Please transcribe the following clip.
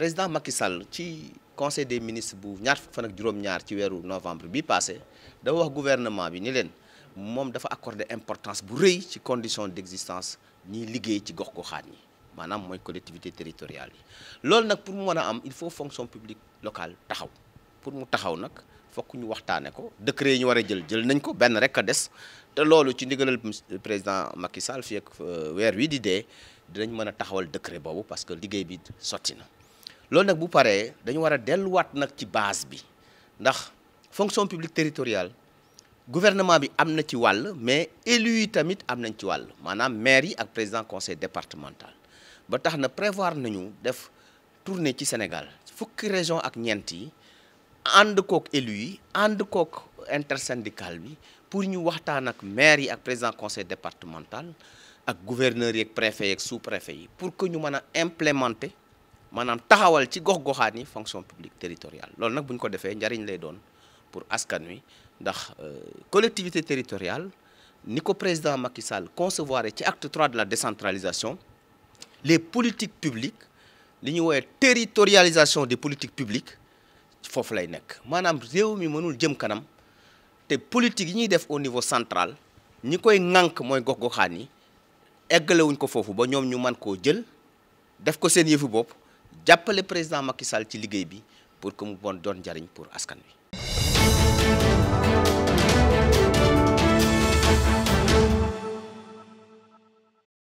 président Macky Sall ci conseil des ministres bu ñaar fukk fan ak ñaar ci wéru novembre bi passé dafa wax gouvernement bi ni leen moom dafa accordé importance bu reuy ci conditions d'existence ni liggéey ci gox goxaan ni manam moy collectivité territoriale lool nak pour mu mën am il faut fonction publique locale taxaw pour mu taxaw nak fokk ñu waxtane ko décret ñu wara jël jël nañ ko Ben, rek ka dess te loolu ci ndigalal président Macky Sall fii ak euh, wér wi di dé dinañ mëna taxawal décret bobu parce que liggéey bi sotti na ce nak bu paré dañu wara déllu wat nak ci base bi ndax fonction publique territoriale gouvernement bi amna ci mais élus yi tamit amna ci wàll manam maire yi ak président conseil départemental ba tax na prévoir nañu def tournée ci Sénégal fukki région ak ñeent yi ànd élus yi ànd intersyndical bi pour ñu waxtaan ak maire yi ak président conseil départemental ak gouverneur yi ak préfet yi ak sous préfet pour que ñu mën implémenter manam taxawal ci gox fonction publique territoriale loolu nak buñ ko defee njariñ lay doon pour askan wi ndax euh, collectivité territoriale niko président Macky Sall concevoir ci acte 3 de la décentralisation les politiques publiques li ñu territorialisation des politiques publiques fofu lay nek manam réew mi mënul jëm kanam té politique yi ñi def au niveau central ñi koy ngank moy gox-goxaan yi eggalewuñ ko fofu ba ñom ñu man ko jël def ko seen yëfu bop le président Macky Sall pour que nous bon donner pour askan